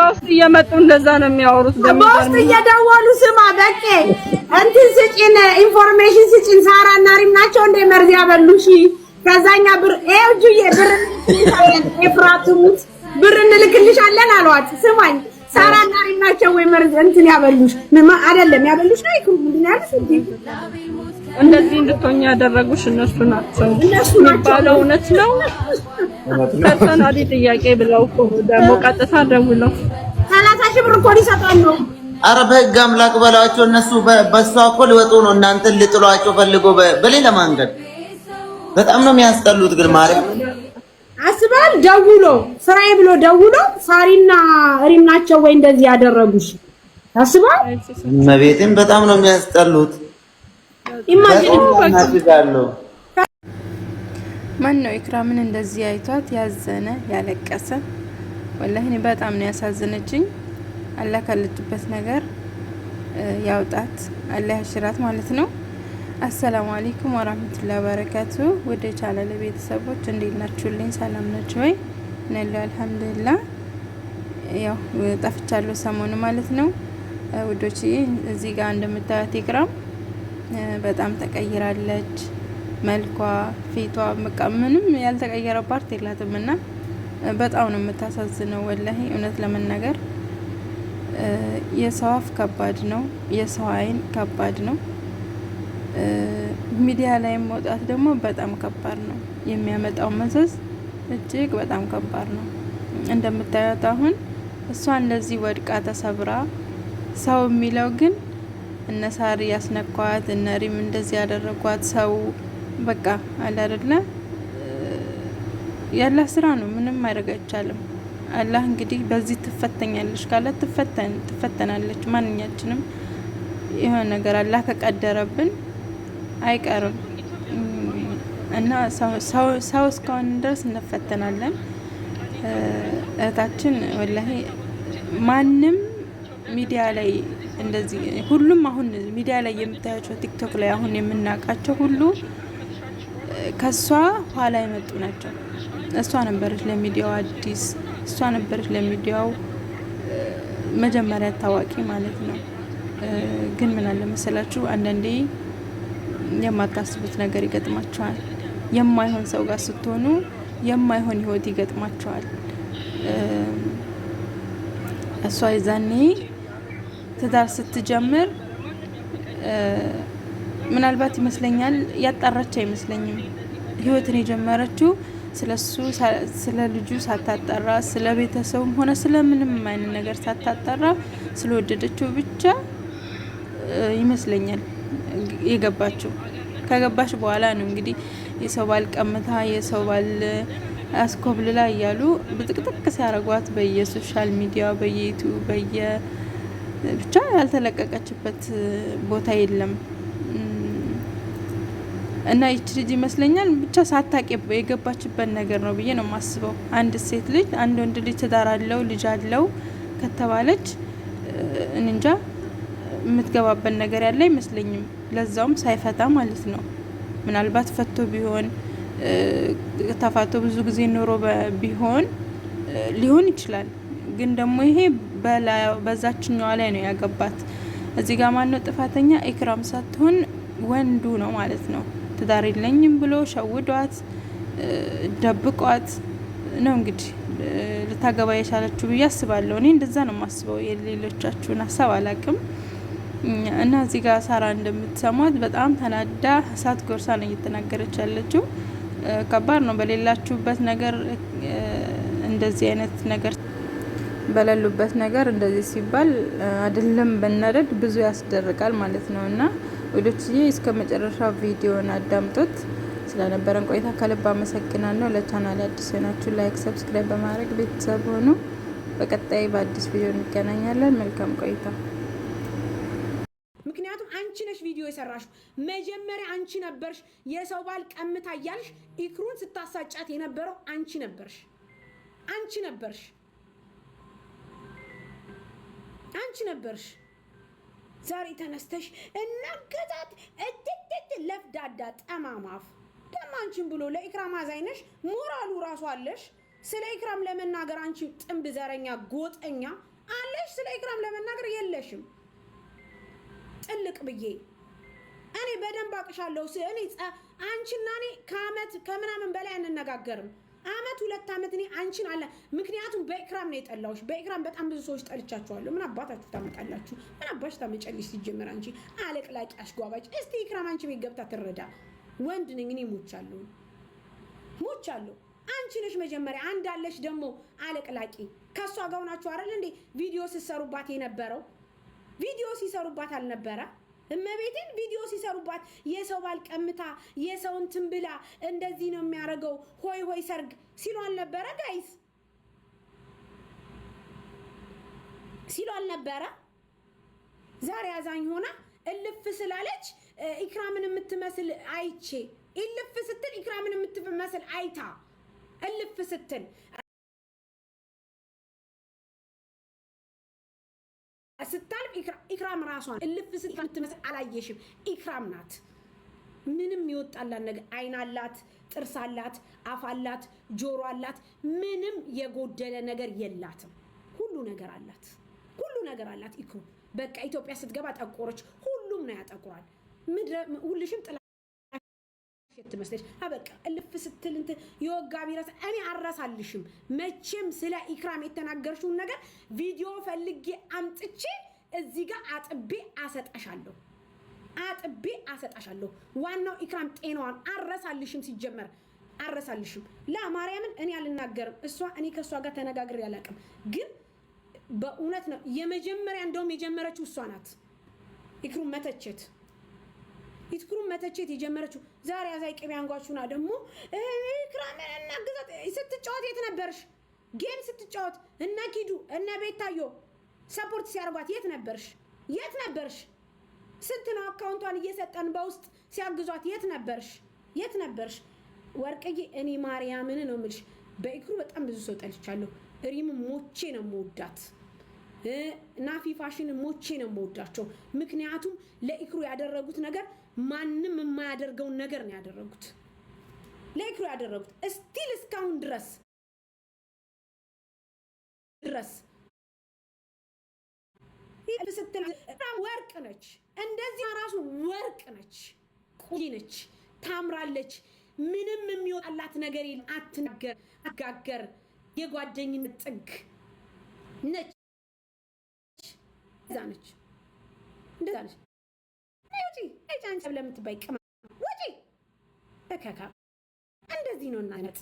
በውስጥ እየመጡ እንደዛ ነው የሚያወሩት። በውስጥ እየደወሉ ስማ፣ በቄ እንትን ስጭን፣ ኢንፎርሜሽን ስጭን። ሳራ እና ሪም ናቸው እንደ መርዝ ያበሉሽ። ከዛኛ ብር እጁዬ የብር ኤፍራትሙት ብር እንልክልሻለን አሏት። ስማኝ ሳራ እና ሪም ናቸው ወይ መርዝ እንትን ያበሉሽ? ምን አይደለም ያበሉሽ ነው ይክሩ ምንድን ያሉሽ እንዴ እንደዚህ እንድትሆኝ ያደረጉሽ እነሱ ናቸው የሚባለው እውነት ነው? ፐርሰናሊ ጥያቄ ብለው ደግሞ ቀጥታ ደውለው ሰላሳ ሺህ ብር እኮ ሊሰጣን ነው። አረ በህግ አምላክ በላቸው። እነሱ በሷ እኮ ሊወጡ ነው። እናንተን ልጥሏቸው ፈልጎ በሌላ መንገድ በጣም ነው የሚያስጠሉት። ግን ማርያም አስባል ደውሎ ስራዬ ብሎ ደውሎ ሳሪና ሪም ናቸው ወይ እንደዚህ ያደረጉሽ አስባል። እመቤቴን በጣም ነው የሚያስጠሉት። ማን ነው ኢክራምን እንደዚህ አይቷት ያዘነ ያለቀሰ? ወላሂ እኔ በጣም ነው ያሳዘነችኝ። አላህ ካለችበት ነገር ያውጣት፣ አላህ ያሽራት ማለት ነው። አሰላሙ አለይኩም ወራህመቱላሂ ወበረካቱ። ወደ ቻናል ቤተሰቦች እንዴት ናችሁልኝ? ሰላም ናችሁ ወይ? ነለ አልሐምዱሊላህ። ያው ጠፍቻለሁ ሰሞኑ ማለት ነው ውዶችዬ። እዚህ ጋር እንደምታዩት ኢክራም በጣም ተቀይራለች። መልኳ፣ ፊቷ በቃ ምንም ያልተቀየረ ፓርት የላትም እና በጣም ነው የምታሳዝነው። ወላሂ እውነት ለመናገር የሰው አፍ ከባድ ነው፣ የሰው አይን ከባድ ነው። ሚዲያ ላይ መውጣት ደግሞ በጣም ከባድ ነው። የሚያመጣው መዘዝ እጅግ በጣም ከባድ ነው። እንደምታዩት አሁን እሷ እንደዚህ ወድቃ ተሰብራ ሰው የሚለው ግን እነ ሳሪ ያስነኳት፣ እነ ሪም እንደዚህ ያደረጓት ሰው በቃ አለ አይደለ ስራ ነው። ምንም ማድረግ አይቻልም። አላህ እንግዲህ በዚህ ትፈተኛለች ካለ ትፈተን ትፈተናለች። ማንኛችንም የሆነ ነገር አላህ ከቀደረብን አይቀርም እና ሰው እስከሆን ድረስ እንፈተናለን። እህታችን ወላሂ ማንም ሚዲያ ላይ እንደዚህ ሁሉም አሁን ሚዲያ ላይ የምታያቸው ቲክቶክ ላይ አሁን የምናውቃቸው ሁሉ ከእሷ ኋላ የመጡ ናቸው። እሷ ነበረች ለሚዲያው አዲስ፣ እሷ ነበረች ለሚዲያው መጀመሪያ ታዋቂ ማለት ነው። ግን ምን አለ መሰላችሁ አንዳንዴ የማታስቡት ነገር ይገጥማቸዋል። የማይሆን ሰው ጋር ስትሆኑ የማይሆን ህይወት ይገጥማቸዋል። እሷ የዛኔ ትዳር ስትጀምር ምናልባት ይመስለኛል ያጣራች አይመስለኝም። ህይወትን የጀመረችው ስለሱ ስለ ልጁ ሳታጠራ ስለ ቤተሰቡም ሆነ ስለምንም አይነት ነገር ሳታጠራ ስለወደደችው ብቻ ይመስለኛል የገባችው። ከገባች በኋላ ነው እንግዲህ የሰው ባል ቀምታ የሰው ባል አስኮብልላ እያሉ ብጥቅጥቅ ሲያደርጓት በየሶሻል ሚዲያ በየዩቱብ በየ ብቻ ያልተለቀቀችበት ቦታ የለም። እና ይች ልጅ ይመስለኛል ብቻ ሳታቅ የገባችበት ነገር ነው ብዬ ነው የማስበው። አንድ ሴት ልጅ አንድ ወንድ ልጅ ትዳር አለው ልጅ አለው ከተባለች እንጃ የምትገባበት ነገር ያለ አይመስለኝም። ለዛውም ሳይፈታ ማለት ነው። ምናልባት ፈቶ ቢሆን ተፋቶ ብዙ ጊዜ ኖሮ ቢሆን ሊሆን ይችላል። ግን ደግሞ ይሄ በዛችኛዋ ላይ ነው ያገባት። እዚህ ጋር ማነው ጥፋተኛ? ኢክራም ሳትሆን ወንዱ ነው ማለት ነው። ትዳር የለኝም ብሎ ሸውዷት ደብቋት ነው እንግዲህ ልታገባ የቻለችው ብዬ አስባለሁ። እኔ እንደዛ ነው የማስበው። የሌሎቻችሁን ሀሳብ አላቅም እና እዚህ ጋር ሳራ እንደምትሰሟት በጣም ተናዳ እሳት ጎርሳ ነው እየተናገረች ያለችው። ከባድ ነው። በሌላችሁበት ነገር እንደዚህ አይነት ነገር በሌሉበት ነገር እንደዚህ ሲባል አይደለም ብናደድ ብዙ ያስደርጋል ማለት ነው እና ወዶችዬ እስከ መጨረሻ ቪዲዮን አዳምጡት ስለነበረን ቆይታ ከልብ አመሰግናለሁ። ለቻናል አዲስ የሆናችሁ ላይክ፣ ሰብስክራይብ በማድረግ ቤተሰብ ሆኑ። በቀጣይ በአዲስ ቪዲዮ እንገናኛለን። መልካም ቆይታ ቪዲዮ የሰራሽው መጀመሪያ አንቺ ነበርሽ። የሰው ባል ቀምታ እያልሽ ኢክሩን ስታሳጫት የነበረው አንቺ ነበርሽ፣ አንቺ ነበርሽ፣ አንቺ ነበርሽ። ዛሬ ተነስተሽ እናገዛት እድድድ ለፍዳዳ ጠማማፍ ደማ አንቺን ብሎ ለኢክራም አዛይነሽ ሞራሉ ራሱ አለሽ ስለ ኢክራም ለመናገር አንቺ ጥንብ ዘረኛ ጎጠኛ አለሽ። ስለ ኢክራም ለመናገር የለሽም። ጥልቅ ብዬ እኔ በደንብ አቅሻለሁ። እኔ አንቺና እኔ ከአመት ከምናምን በላይ አንነጋገርም። አመት ሁለት አመት እኔ አንቺን አለ። ምክንያቱም በኢክራም ነው የጠላሁሽ። በኢክራም በጣም ብዙ ሰዎች ጠልቻችኋለሁ። ምን አባታችሁ ታመጣላችሁ? ምን አባሽ ታመጨልሽ? ሲጀምር አንቺ አለቅላቂ አሽጓባጭ። እስቲ ኢክራም አንቺ ቤት ገብታ ትረዳ። ወንድ ነኝ እኔ ሞቻለሁ፣ ሞቻለሁ። አንቺ ነሽ መጀመሪያ አንዳለሽ ደግሞ አለቅላቂ። ከእሷ ጋር ሆናችሁ አይደል እንዴ ቪዲዮ ሲሰሩባት የነበረው ቪዲዮ ሲሰሩባት አልነበረ እመቤቴን ቪዲዮ ሲሰሩባት የሰው ባል ቀምታ የሰው እንትን ብላ እንደዚህ ነው የሚያደርገው ሆይ ሆይ ሰርግ ሲሉ አልነበረ ጋይስ ሲሉ አልነበረ ዛሬ አዛኝ ሆና እልፍ ስላለች ኢክራምን የምትመስል አይቼ እልፍ ስትል ኢክራምን የምትመስል አይታ እልፍ ስትል ስታልፍ ኢክራም ራሷን እልፍ ስት አላየሽም። ኢክራም ናት። ምንም ይወጣላት ነገር አይን አላት፣ ጥርስ አላት፣ አፍ አላት፣ ጆሮ አላት። ምንም የጎደለ ነገር የላትም። ሁሉ ነገር አላት። ሁሉ ነገር አላት። ኢክሩ በቃ ኢትዮጵያ ስትገባ ጠቆረች። ሁሉም ነው ያጠቁራል። ሁልሽም ጥላ ሴት ትመስለች። አበቃ እልፍ ስትል እንት የወጋ ቢረሳ እኔ አረሳልሽም። መቼም ስለ ኢክራም የተናገርሽውን ነገር ቪዲዮ ፈልጌ አምጥቼ እዚህ ጋር አጥቤ አሰጣሻለሁ አጥቤ አሰጣሻለሁ። ዋናው ኢክራም ጤናዋን አረሳልሽም። ሲጀመር አረሳልሽም። ላ ማርያምን እኔ አልናገርም። እሷ እኔ ከእሷ ጋር ተነጋግሬ አላውቅም። ግን በእውነት ነው የመጀመሪያ እንደውም የጀመረችው እሷ ናት ኢክሩም መተቸት ይትኩሩን መተቸት የጀመረችው ዛሬ አዛይ ቅቤ አንጓቹና ደግሞ ክራሜን እና ግዛት ስትጫወት የት ነበርሽ? ጌም ስትጫወት እነ ኪዱ እነ ቤታዮ ሰፖርት ሲያርጓት የት ነበርሽ? የት ነበርሽ? ስንት ነው አካውንቷን እየሰጠን በውስጥ ሲያግዟት የት ነበርሽ? የት ነበርሽ? ወርቅዬ እኔ ማርያምን ነው የምልሽ። በኢክሩ በጣም ብዙ ሰው ጠልቻለሁ። ሪም ሞቼ ነው የምወዳት። ናፊ ፋሽን ሞቼ ነው የምወዳቸው። ምክንያቱም ለኢክሩ ያደረጉት ነገር ማንም የማያደርገውን ነገር ነው ያደረጉት። ለኢክሩ ያደረጉት እስቲል እስካሁን ድረስ ድረስ ስትል ወርቅ ነች። እንደዚህ ራሱ ወርቅ ነች፣ ቁይ ነች፣ ታምራለች። ምንም የሚወጣላት ነገር የለም። አትናገር አጋገር የጓደኝነት ጥግ ነች። እዛ ነች እንደዛ ነች። ውጪ ጫንጫ ቅማ ውጪ እከካ እንደዚህ ነው እናት